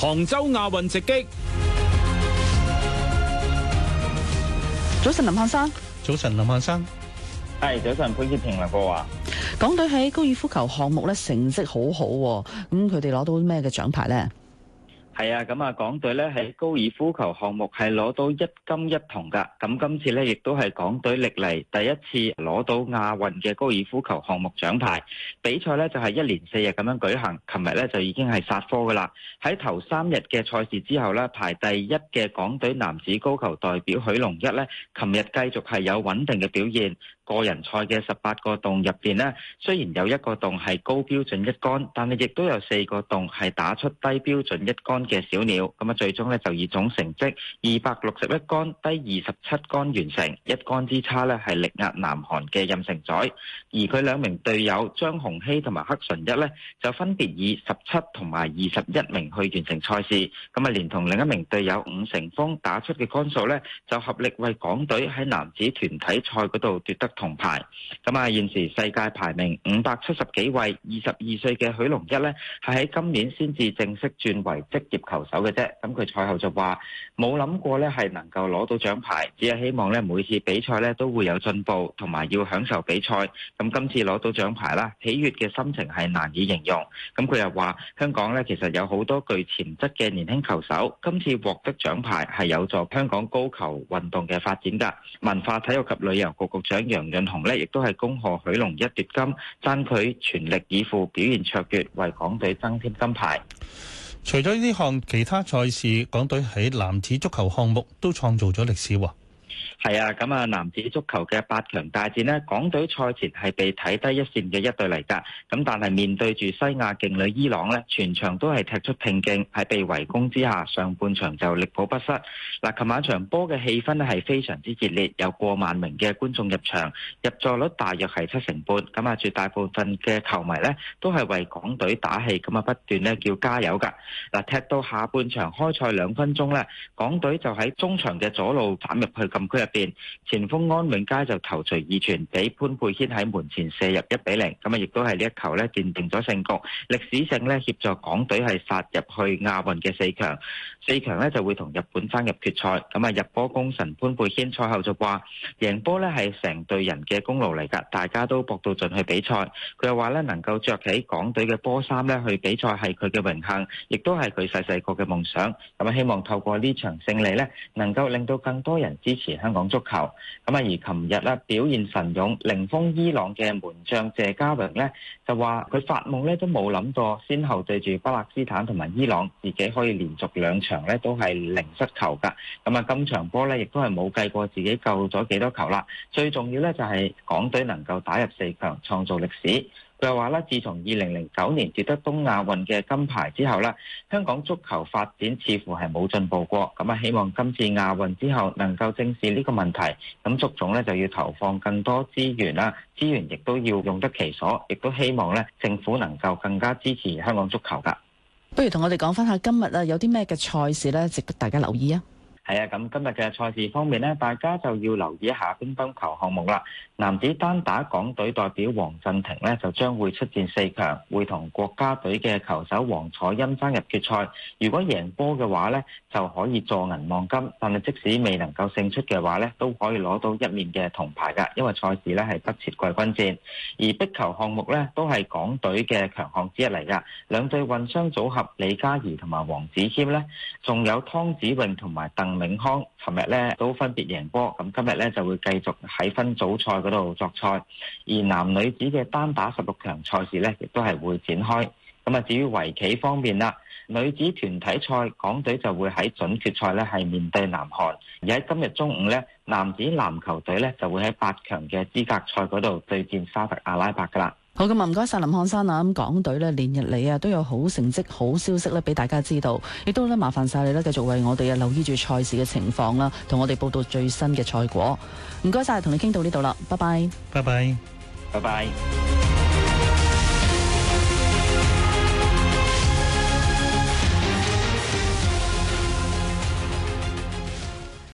杭州亞運直擊，早晨林漢山，早晨林漢山，係、hey，早晨，佩杰平論報話，港隊喺高爾夫球項目咧成績好好，啊，咁佢哋攞到咩嘅獎牌咧？係啊，咁啊，港隊咧喺高爾夫球項目係攞到一金一銅噶，咁今次咧亦都係港隊歷嚟第一次攞到亞運嘅高爾夫球項目獎牌。比賽咧就係一連四日咁樣舉行，琴日咧就已經係煞科噶啦。喺頭三日嘅賽事之後咧，排第一嘅港隊男子高球代表許龍一咧，琴日繼續係有穩定嘅表現。個人賽嘅十八個洞入邊咧，雖然有一個洞係高標準一杆，但係亦都有四個洞係打出低標準一杆嘅小鳥。咁啊，最終呢，就以總成績二百六十一杆低二十七杆完成，一杆之差呢，係力壓南韓嘅任成宰，而佢兩名隊友張雄熙同埋黑純一呢，就分別以十七同埋二十一名去完成賽事。咁啊，連同另一名隊友伍成峯打出嘅杆數呢，就合力為港隊喺男子團體賽嗰度奪得銅牌，咁啊，現時世界排名五百七十幾位，二十二歲嘅許龍一呢，係喺今年先至正式轉為職業球手嘅啫。咁佢賽後就話冇諗過呢，係能夠攞到獎牌，只係希望呢，每次比賽呢都會有進步，同埋要享受比賽。咁今次攞到獎牌啦，喜悅嘅心情係難以形容。咁佢又話香港呢，其實有好多具潛質嘅年輕球手，今次獲得獎牌係有助香港高球運動嘅發展噶文化體育及旅遊局局長楊潤雄咧，亦都係恭賀許龍一奪金，讚佢全力以赴，表現卓越，為港隊增添金牌。除咗呢項，其他賽事，港隊喺男子足球項目都創造咗歷史喎。係啊，咁啊，男子足球嘅八強大戰呢，港隊賽前係被睇低一線嘅一隊嚟噶。咁但係面對住西亞勁旅伊朗呢，全場都係踢出拼勁，喺被圍攻之下，上半場就力保不失。嗱，琴晚場波嘅氣氛咧係非常之熱烈，有過萬名嘅觀眾入場，入座率大約係七成半。咁啊，絕大部分嘅球迷呢，都係為港隊打氣，咁啊不斷呢叫加油噶。嗱，踢到下半場開賽兩分鐘呢，港隊就喺中場嘅左路斬入去禁區。邊前鋒安永佳就頭錘，二傳俾潘佩軒喺門前射入，一比零，咁啊亦都係呢一球呢奠定咗勝局，歷史性呢協助港隊係殺入去亞運嘅四強，四強呢就會同日本爭入決賽。咁啊入波功臣潘佩軒賽後就話，贏波呢係成隊人嘅功勞嚟噶，大家都搏到盡去比賽。佢又話呢，能夠着起港隊嘅波衫呢去比賽，係佢嘅榮幸，亦都係佢細細個嘅夢想。咁啊希望透過呢場勝利呢，能夠令到更多人支持香港。講足球，咁啊而琴日咧表現神勇，零封伊朗嘅門將謝家榮呢，就話佢發夢咧都冇諗過先後對住巴勒斯坦同埋伊朗，自己可以連續兩場呢都係零失球噶。咁啊，今場波呢亦都係冇計過自己救咗幾多球啦。最重要呢，就係、是、港隊能夠打入四強，創造歷史。就話咧，自從二零零九年奪得東亞運嘅金牌之後咧，香港足球發展似乎係冇進步過。咁啊，希望今次亞運之後能夠正視呢個問題。咁足總咧就要投放更多資源啦，資源亦都要用得其所，亦都希望咧政府能夠更加支持香港足球㗎。不如同我哋講翻下今日啊，有啲咩嘅賽事咧值得大家留意啊？係啊，咁今日嘅賽事方面咧，大家就要留意一下乒乓球項目啦。男子單打港隊代表黃鎮廷咧，就將會出戰四強，會同國家隊嘅球手王楚欽爭入決賽。如果贏波嘅話咧，就可以坐銀望金；但係即使未能夠勝出嘅話咧，都可以攞到一面嘅銅牌噶，因為賽事咧係不設季軍戰。而壁球項目咧，都係港隊嘅強項之一嚟噶。兩隊混雙組合李嘉怡同埋黃子謙咧，仲有湯子穎同埋鄧永康呢，尋日咧都分別贏波，咁今日咧就會繼續喺分組賽嗰度作賽，而男女子嘅單打十六強賽事咧，亦都係會展開。咁啊，至於圍棋方面啦，女子團體賽港隊就會喺準決賽咧，係面對南韓。而喺今日中午咧，男子籃球隊咧就會喺八強嘅資格賽嗰度對戰沙特阿拉伯噶啦。好咁啊，唔該晒林漢山啊！咁港隊咧連日嚟啊都有好成績、好消息咧俾大家知道，亦都咧麻煩晒你咧繼續為我哋啊留意住賽事嘅情況啦，同我哋報道最新嘅賽果。唔該晒，同你傾到呢度啦，拜拜，拜拜，拜拜。